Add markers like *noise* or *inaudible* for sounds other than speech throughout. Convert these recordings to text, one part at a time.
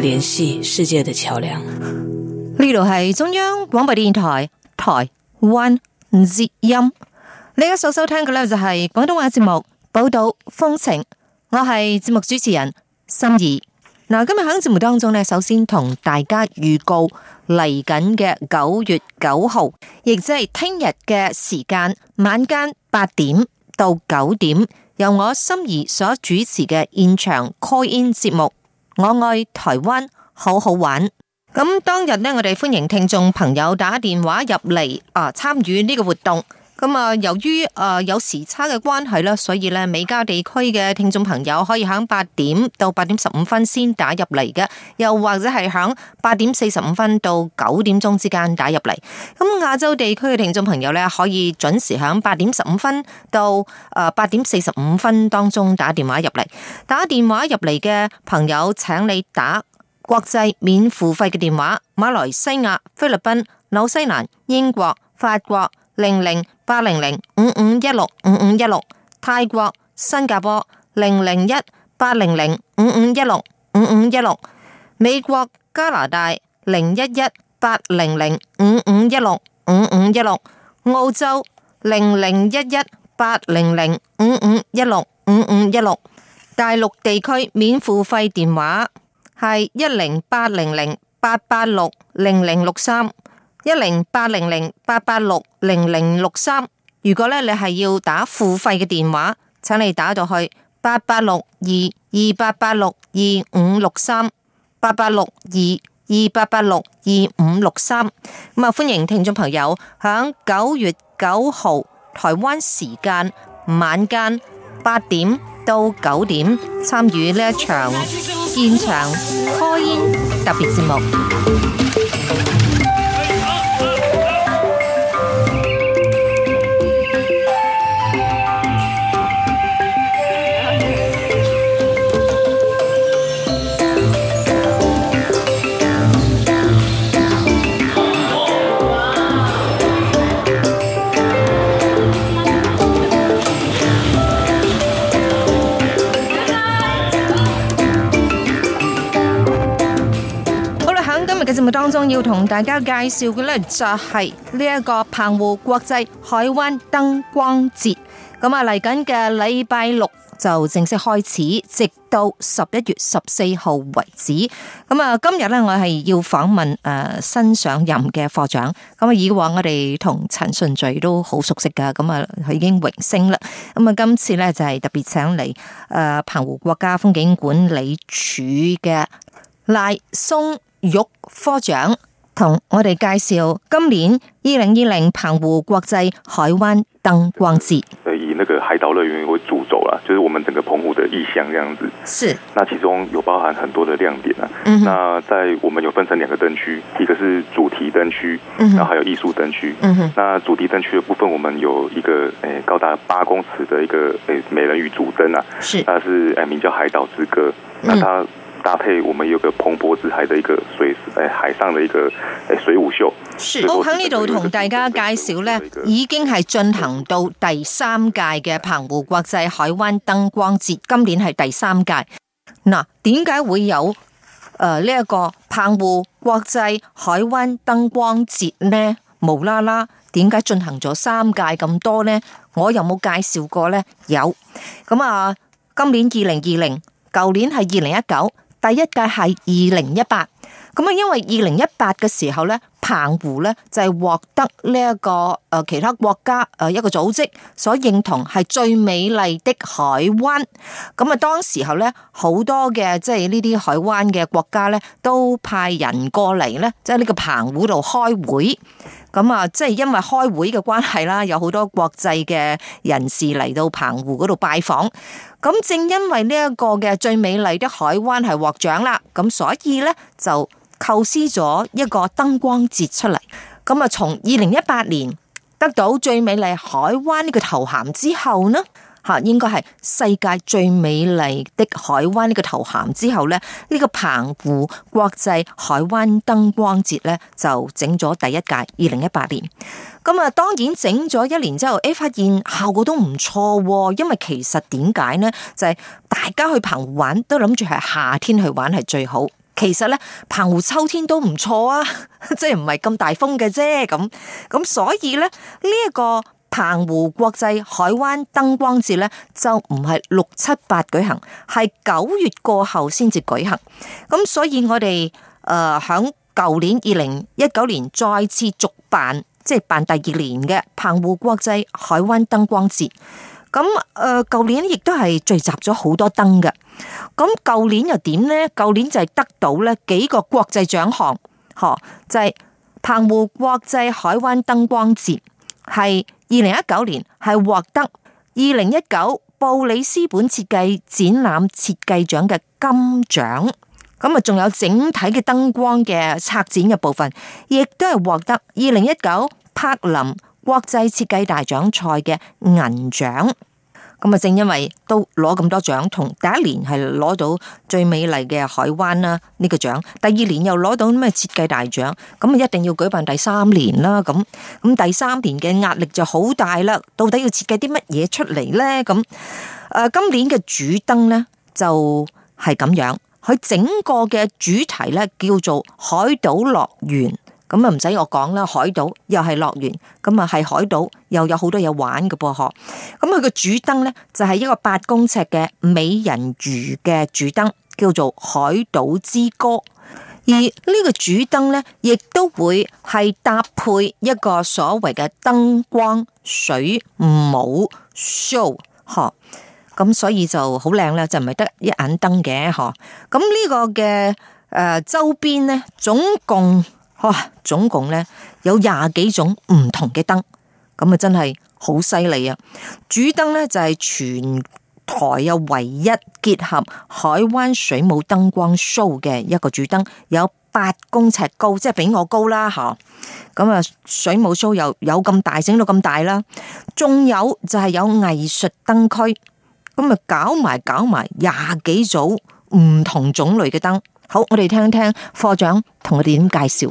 聯繫世界的橋樑。呢度係中央廣播電台台灣之音。你而家所收聽嘅咧就係廣東話節目《寶島風情》，我係節目主持人心儀，嗱，今日響節目當中咧，首先同大家預告嚟緊嘅九月九號，亦即係聽日嘅時間，晚間八點到九點，由我心儀所主持嘅現場 call in 節目。我愛台灣，好好玩。咁當日呢，我哋歡迎聽眾朋友打電話入嚟啊，參與呢個活動。咁啊，由於誒有時差嘅關係啦，所以咧，美加地區嘅聽眾朋友可以喺八點到八點十五分先打入嚟嘅，又或者係喺八點四十五分到九點鐘之間打入嚟。咁亞洲地區嘅聽眾朋友咧，可以準時喺八點十五分到誒八點四十五分當中打電話入嚟。打電話入嚟嘅朋友請你打國際免付費嘅電話。馬來西亞、菲律賓、紐西蘭、英國、法國、零零八零零五五一六五五一六。泰國、新加坡，零零一八零零五五一六五五一六。美國、加拿大，零一一八零零五五一六五五一六。澳洲，零零一一八零零五五一六五五一六。大陸地區免付費電話係一零八零零八八六零零六三。一零八零零八八六零零六三，63，如果咧你係要打付費嘅電話，請你打到去八八六二二八八六二五六三八八六二二八八六二五六三。咁啊，歡迎聽眾朋友響九月九號台灣時間晚間八點到九點參與呢一場現場開煙特別節目。當中要同大家介紹嘅呢，就係呢一個澎湖國際海灣燈光節。咁啊，嚟緊嘅禮拜六就正式開始，直到十一月十四號為止。咁啊，今日呢，我係要訪問誒、呃、新上任嘅課長。咁啊，以往我哋同陳順序都好熟悉噶。咁啊，佢已經榮升啦。咁啊，今次呢，就係、是、特別請嚟誒、呃、澎湖國家風景管理處嘅賴松玉科長同我哋介紹今年二零二零澎湖國際海灣燈光節，以那個海島樂園為主軸啦，就是我們整個澎湖的意象這樣子。是，是那其中有包含很多的亮點啊。嗯哼，那在我們有分成兩個燈區，一個是主題燈區，嗯哼，然後還有藝術燈區。嗯哼，那主題燈區的部分，我們有一個誒高達八公尺的一個誒美人魚主燈啊，是，它是誒名叫《海島之歌》，那它、嗯。搭配我們有個蓬勃之海的一個水、誒海上的一個誒水舞秀，好，喺呢度同大家介紹咧，已經係進行到第三屆嘅澎湖國際海灣燈光節，今年係第三屆。嗱，點解會有誒呢一個澎湖國際海灣燈光節呢？無啦啦，點解進行咗三屆咁多呢？我有冇介紹過咧，有，咁啊，今年二零二零，舊年係二零一九。第一屆係二零一八，咁啊，因為二零一八嘅時候咧。澎湖咧就係獲得呢一個誒其他國家誒一個組織所認同，係最美麗的海灣。咁啊，當時候咧好多嘅，即係呢啲海灣嘅國家咧都派人過嚟，咧，即係呢個澎湖度開會。咁啊，即係因為開會嘅關係啦，有好多國際嘅人士嚟到澎湖嗰度拜訪。咁正因為呢一個嘅最美麗的海灣係獲獎啦，咁所以咧就。構思咗一個燈光節出嚟。咁啊，從二零一八年得到最美麗海灣呢個頭銜之後呢，吓應該係世界最美麗的海灣呢個頭銜之後呢，呢個澎湖國際海灣燈光節呢，就整咗第一屆二零一八年。咁啊，當然整咗一年之後，誒，發現效果都唔錯。哦，因為其實點解呢？就係、是，大家去澎湖玩都諗住係夏天去玩係最好。其實咧，澎湖秋天都唔錯啊， *laughs* 即係唔係咁大風嘅啫。咁咁，所以咧呢一、這個澎湖國際海灣燈光節咧就唔係六七八舉行，係九月過後先至舉行。咁所以我哋誒響舊年二零一九年再次續辦，即係辦第二年嘅澎湖國際海灣燈光節。咁，誒，舊年亦都係聚集咗好多燈嘅。咁舊年又點呢？舊年就係得到咧幾個國際獎項，嗬，就係澎湖國際海灣燈光節，係二零一九年係獲得二零一九布里斯本設計展覽、展覽設計獎嘅金獎。咁啊，仲有整體嘅燈光嘅策展嘅部分，亦都係獲得二零一九柏林國際設計大獎賽嘅銀獎，咁啊正因為都攞咁多獎，同第一年係攞到最美麗嘅海灣啦呢個獎，第二年又攞到咩設計大獎，咁啊一定要舉辦第三年啦，咁咁第三年嘅壓力就好大啦，到底要設計啲乜嘢出嚟呢？咁，誒、呃，今年嘅主燈呢，就係、是、咁樣，佢整個嘅主題呢，叫做海島樂園。咁啊，唔使我講啦。海島又係樂園，咁啊係海島又有好多嘢玩嘅，噃，咁佢個主燈咧就係一個八公尺嘅美人魚嘅主燈，叫做《海島之歌》。而呢個主燈咧，亦都會係搭配一個所謂嘅燈光水舞 show。咁所以就好靚啦，就唔係得一眼燈嘅。嗬，咁呢個嘅誒周邊咧，總共。哇、哦，總共咧有廿幾種唔同嘅燈，咁啊真係好犀利啊！主燈咧就係、是、全台又唯一結合海灣水母燈光 show 嘅一個主燈，有八公尺高，即係比我高啦吓。咁啊，水母 show 又有咁大，整到咁大啦。仲有就係有藝術燈區，咁啊搞埋搞埋廿幾組唔同種類嘅燈。好，我哋聽聽課長同我哋點介紹。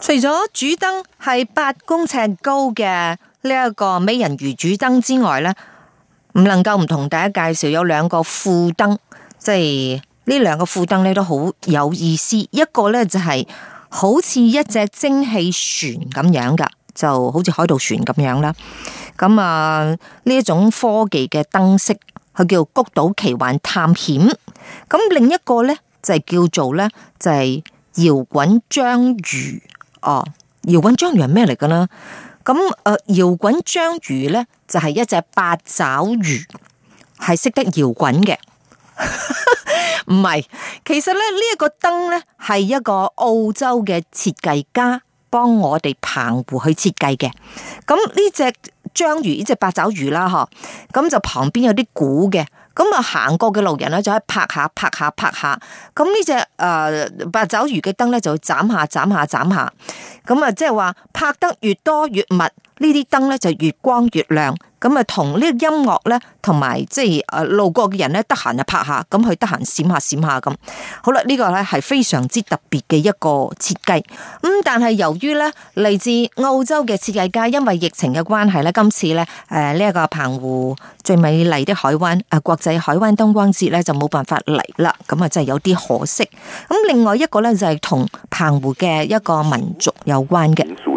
除咗主燈係八公尺高嘅呢一個美人魚主燈之外呢，唔能夠唔同大家介紹有兩個副燈，即係呢兩個副燈呢都好有意思。一個呢就係、是、好似一隻蒸汽船咁樣噶，就好似海盜船咁樣啦。咁啊呢一種科技嘅燈飾，佢叫谷島奇幻探險。咁另一個呢，就係叫做呢，就係、是。搖滾章魚哦，搖滾章魚係咩嚟嘅呢？咁、嗯、誒，搖滾章魚呢，就係、是、一隻八爪魚，係識得搖滾嘅。唔 *laughs* 係，其實咧呢一個燈呢，係、這個、一個澳洲嘅設計家幫我哋澎湖去設計嘅。咁呢隻章魚呢隻八爪魚啦，嗬，咁、嗯、就旁邊有啲鼓嘅。咁啊，行過嘅路人咧就喺拍下拍下拍下，咁呢隻誒八爪魚嘅燈咧就會斬下斬下斬下，咁啊即係話拍得越多越密。呢啲燈咧就越光越亮，咁啊同呢個音樂咧，同埋即係誒路過嘅人咧，得閒就拍下，咁佢得閒閃下閃下咁。好啦，呢、這個咧係非常之特別嘅一個設計。咁、嗯、但係由於咧嚟自澳洲嘅設計家，因為疫情嘅關係咧，今次咧誒呢一、呃這個澎湖最美麗啲海灣啊，國際海灣燈光節咧就冇辦法嚟啦。咁啊真係有啲可惜。咁另外一個咧就係、是、同澎湖嘅一個民族有關嘅。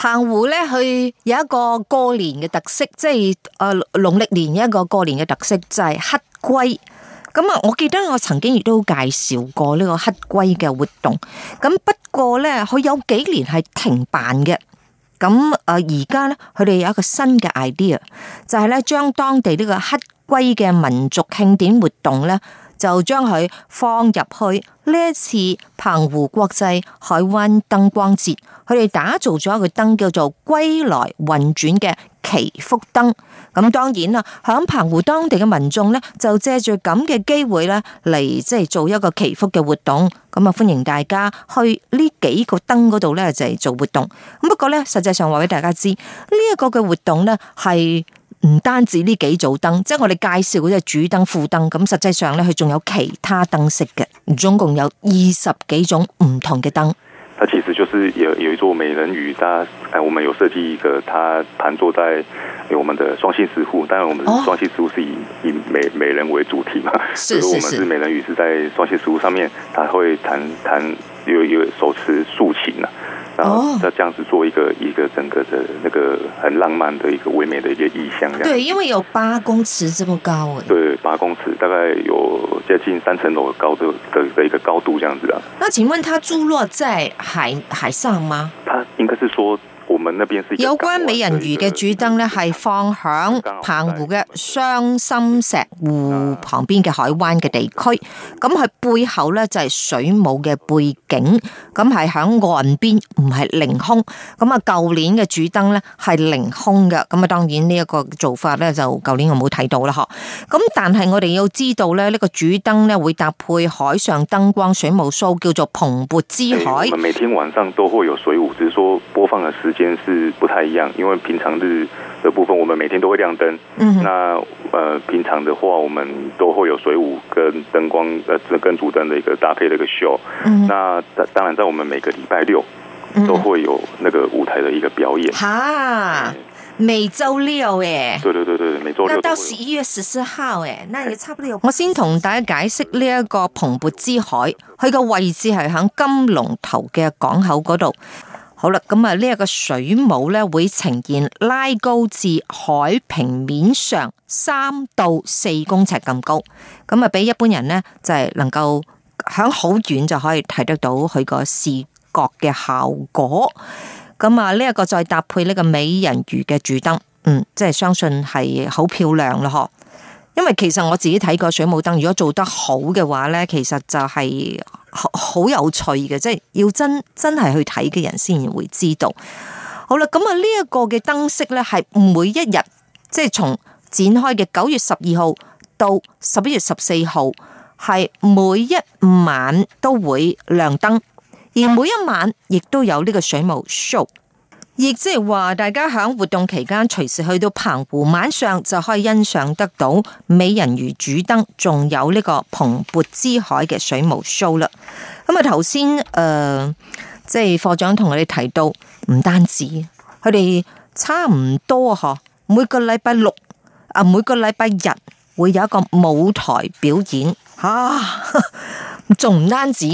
澎湖咧，佢有一個過年嘅特色，即係，誒農曆年一個過年嘅特色就係、是、乞龜。咁啊，我記得我曾經亦都介紹過呢個乞龜嘅活動。咁不過咧，佢有幾年係停辦嘅。咁誒，而家咧，佢哋有一個新嘅 idea，就係咧將當地呢個乞龜嘅民族慶典活動咧。就將佢放入去呢一次澎湖國際海灣燈光節，佢哋打造咗一個燈叫做歸來運轉嘅祈福燈。咁當然啦，響澎湖當地嘅民眾咧，就借住咁嘅機會咧，嚟即係做一個祈福嘅活動。咁啊，歡迎大家去呢幾個燈嗰度咧，就係做活動。咁不過咧，實際上話俾大家知，呢一個嘅活動咧係。唔單止呢幾組燈，即係我哋介紹嗰隻主燈、副燈，咁實際上呢，佢仲有其他燈飾嘅，總共有二十幾種唔同嘅燈。它其實就是有有一座美人魚，大家誒，我們有設計一個，它盤坐在有我們的雙心石滬，當然我們的雙心石滬是以美、哦、以美美人為主題嘛，所以我們是是，美人魚是在雙心石滬上面，它會彈彈有有手持豎琴啦。哦，那、oh. 這樣子做一個一個整個的那個很浪漫的一個唯美的一個意象，對，因為有八公尺這麼高，欸，對，八公尺大概有接近三層樓高的的一個高度這樣子啊。那請問它坐落在海海上嗎？它應該是說。有關美人魚嘅主燈咧，係放響澎湖嘅雙心石湖旁邊嘅海灣嘅地區。咁佢背後咧就係水母嘅背景。咁係響岸邊，唔係凌空。咁啊，舊年嘅主燈咧係凌空嘅。咁啊，當然呢一個做法咧就舊年我冇睇到啦。嗬。咁但係我哋要知道咧，呢個主燈咧會搭配海上燈光水舞 show，叫做蓬勃之海。每天晚上都會有水舞，只是說播放嘅時。間是不太一樣，因為平常日的部分，我們每天都會亮燈。嗯哼，那，呃，平常的話，我們都會有水舞跟燈光，呃，跟主燈的一個搭配的一個秀，嗯哼。嗯，那當然，在我們每個禮拜六都會有那個舞台的一個表演。啊、嗯，ha, 每周六誒，對對對對對，每周六。那到十一月十四號誒，那也差不多有。 *laughs* 我先同大家解釋呢一個蓬勃之海，佢個位置係喺金龍頭嘅港口嗰度。好啦，咁啊，呢一個水母咧會呈現拉高至海平面上三到四公尺咁高，咁啊，俾一般人咧就係能夠響好遠就可以睇得到佢個視覺嘅效果。咁啊，呢一個再搭配呢個美人魚嘅主燈，嗯，即係相信係好漂亮咯，嗬。因為其實我自己睇過水母燈，如果做得好嘅話咧，其實就係。好，好有趣嘅，即係要真真係去睇嘅人先會知道。好啦，咁啊，呢一個嘅燈飾呢，係每一日，即係從展開嘅九月十二號到十一月十四號，係每一晚都會亮燈，而每一晚亦都有呢個水舞 show。亦即係話，大家喺活動期間隨時去到澎湖，晚上就可以欣賞得到美人魚主燈，仲有呢個蓬勃之海嘅水舞 show 啦。咁、呃、啊，頭先誒，即係課長同我哋提到，唔單止佢哋差唔多嗬，每個禮拜六啊，每個禮拜日會有一個舞台表演吓，仲、啊、唔單止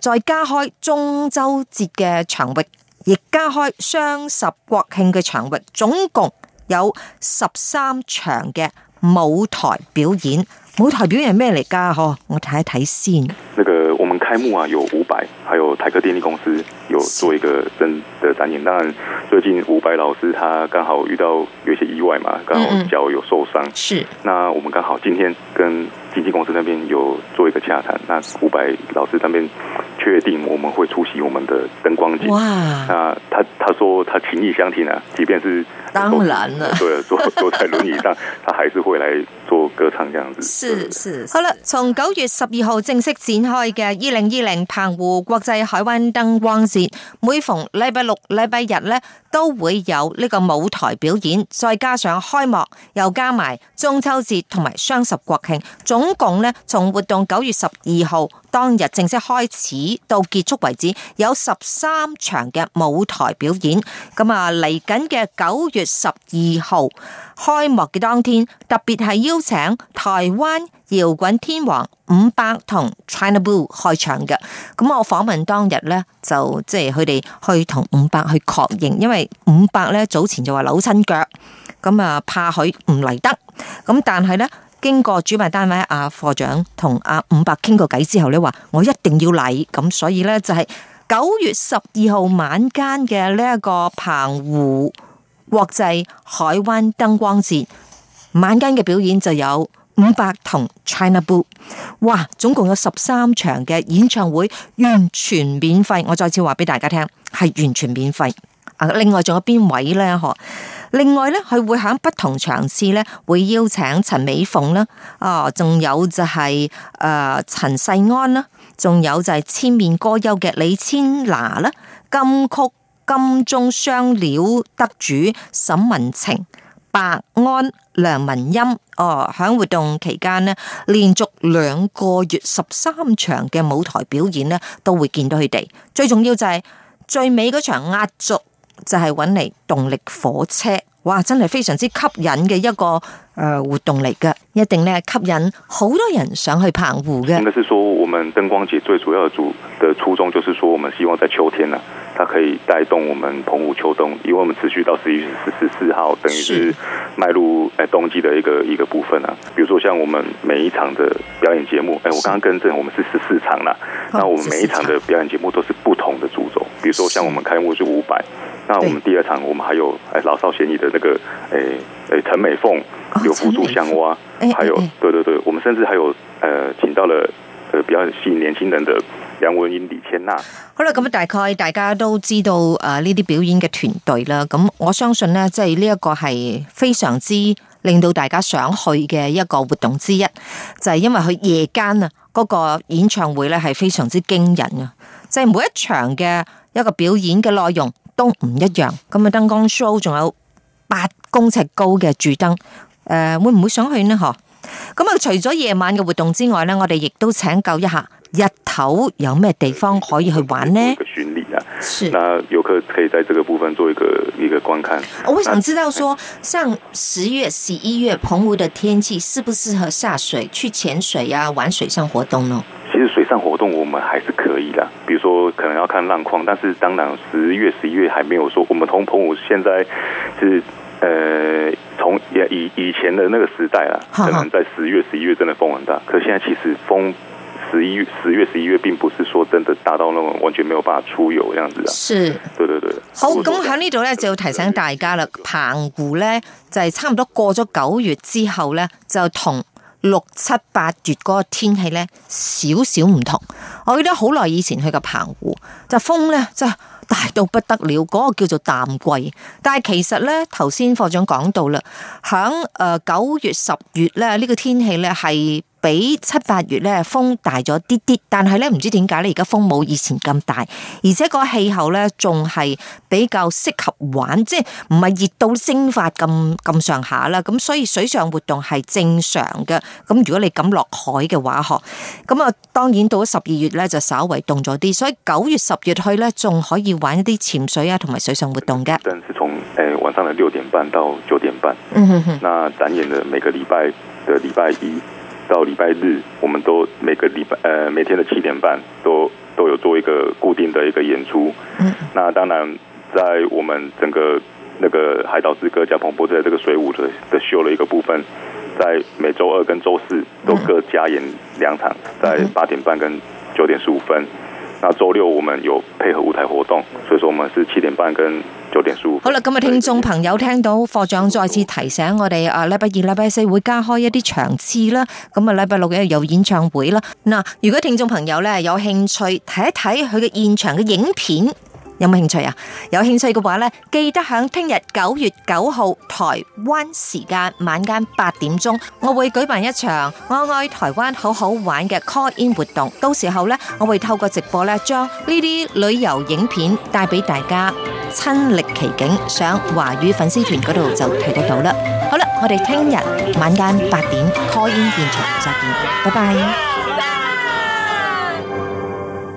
再加開中秋節嘅場域。亦加開雙十國慶嘅場域，總共有十三場嘅舞台表演。舞台表演係咩嚟噶？嗬，我睇一睇先。那個我們開幕啊，有伍佰，還有泰科電力公司有做一個真嘅展演。當然是，最近伍佰老師他剛好遇到有些意外嘛，剛好腳有受傷，嗯嗯。是。那我們剛好今天跟經紀公司那邊有做一個洽談，那伍佰老師那邊。確定我們會出席我們的燈光節。那哇、啊、他他說他情義相挺啊，即便是當然了、坐坐、對、在輪椅上， *laughs* 他還是會來。做歌唱樣子，好啦。從九月十二號正式展開嘅二零二零澎湖國際海灣燈光節，每逢禮拜六、禮拜日呢，都會有呢個舞台表演。再加上開幕，又加埋中秋節同埋雙十國慶，總共呢，從活動九月十二號當日正式開始到結束為止，有十三場嘅舞台表演。咁啊，嚟緊嘅九月十二號。開幕嘅當天，特別係邀請台灣搖滾天王伍佰同 China Blue 開場嘅。咁我訪問當日呢，就即係佢哋去同伍佰去確認，因為伍佰呢早前就話扭親腳，咁啊怕佢唔嚟得。咁但係呢，經過主辦單位阿課長同阿伍佰傾個偈之後呢，話我一定要嚟，咁所以呢，就係、是、九月十二號晚間嘅呢一個澎湖。國際海灣燈光節晚間嘅表演，就有伍佰同 China Blue。哇，總共有十三場嘅演唱會完全免費。我再次話俾大家聽，係完全免費。另外仲有邊位呢？嗬，另外咧，佢會喺不同場次咧，會邀請陳美鳳啦，啊，仲有就係誒陳世安啦，啊，仲有就係千面歌優嘅李千娜啦，金曲。金鐘雙料得主沈文情、白安、梁文音，哦，喺活動期間咧，連續兩個月十三場嘅舞台表演咧，都會見到佢哋。最重要就係最尾嗰場壓軸，就係搵嚟動力火車，哇，真係非常之吸引嘅一個。誒，活動嚟嘅一定呢吸引好多人上去澎湖嘅。應該是說，我們燈光節最主要的，主的初衷，就是說，我們希望在秋天呢、啊，它可以帶動我們澎湖秋冬，因為我們持續到十一月十四號，等於是邁入誒冬季的一個一個部分啦、啊。比如說，像我們每一場的表演節目，誒，我剛剛更正，我們是十四場啦。Was. 那我們每一場的表演節目都是不同的主軸，比如說，像我們開幕是五百，那我們第二場，我們還有誒老少咸宜的這、那個誒誒陳美鳳。有扶竹相啊，哦、還有，哎哎哎對對對，我們甚至還有，誒、呃，請到了，誒、呃、比較吸引年輕人的梁文音、李千娜。好啦，咁大概大家都知道，誒呢啲表演嘅團隊啦，咁我相信呢，即係呢一個係非常之令到大家想去嘅一個活動之一，就係、是、因為佢夜間啊嗰個演唱會咧係非常之驚人啊，即、就、係、是、每一場嘅一個表演嘅內容都唔一樣。咁啊，燈光 show 仲有八公尺高嘅主燈。誒、呃，會唔會想去呢？嗬，咁啊，除咗夜晚嘅活動之外呢，我哋亦都請教一下日頭有咩地方可以去玩呢？嘅巡禮啊，是，那遊客可以在這個部分做一個一個觀看。我想知道說，像十那月、十一月，澎湖的天氣適不適合下水去潛水呀，啊，玩水上活動咯？其實水上活動我們還是可以啦，比如說可能要看浪況，但是當然十月、十一月還沒有說，我們同澎湖現在是誒。呃以以前的那個時代啦，可能在十月、十一月真的風很大，可現在其實風十一月、十月、十一月，並不是說真的大到那麼完全沒有辦法出遊這樣子的。是，對對對。好，咁喺呢度呢，就要提醒大家啦，澎湖呢，就係、是、差唔多過咗九月之後呢，就同六七八月嗰個天氣呢，少少唔同。我記得好耐以前去過澎湖就風呢。就。大到不得了，嗰、那個叫做淡季。但係其實咧，頭先課長講到啦，響誒九月、十月咧，呢、這個天氣咧係。比七八月咧風大咗啲啲，但係咧唔知點解咧，而家風冇以前咁大，而且個氣候咧仲係比較適合玩，即係唔係熱到蒸發咁咁上下啦。咁所以水上活動係正常嘅。咁如果你敢落海嘅話，嗬，咁啊，當然到咗十二月咧就稍為凍咗啲，所以九月、十月去咧仲可以玩一啲潛水啊，同埋水上活動嘅。暫時從誒晚上嘅六點半到九點半，嗯哼，哼，那展演嘅每個禮拜嘅禮拜一。到禮拜日，我們都每個禮拜，呃，每天的七點半都都有做一個固定的一個演出。嗯、哼那當然，在我們整個那個《海島之歌》加蓬勃在這個水舞的的秀了一個部分，在每周二跟周四都各加演兩場，嗯、哼在八點半跟九點十五分。那周六我們有配合舞台活動，所以說我們是七點半跟。好啦，咁啊，聽眾朋友聽到課長再次提醒我哋，啊，禮拜二、禮拜四會加開一啲場次啦，咁啊，禮拜六又有演唱會啦。嗱，如果聽眾朋友咧有興趣睇一睇佢嘅現場嘅影片。有冇興趣啊？有興趣嘅話咧，記得響聽日九月九號台灣時間晚間八點鐘，我會舉辦一場我愛台灣好好玩嘅 call in 活動。到時候咧，我會透過直播咧，將呢啲旅遊影片帶俾大家親歷其境。上華語粉絲團嗰度就睇得到啦。好啦，我哋聽日晚間八點 call in 現場再見，拜拜。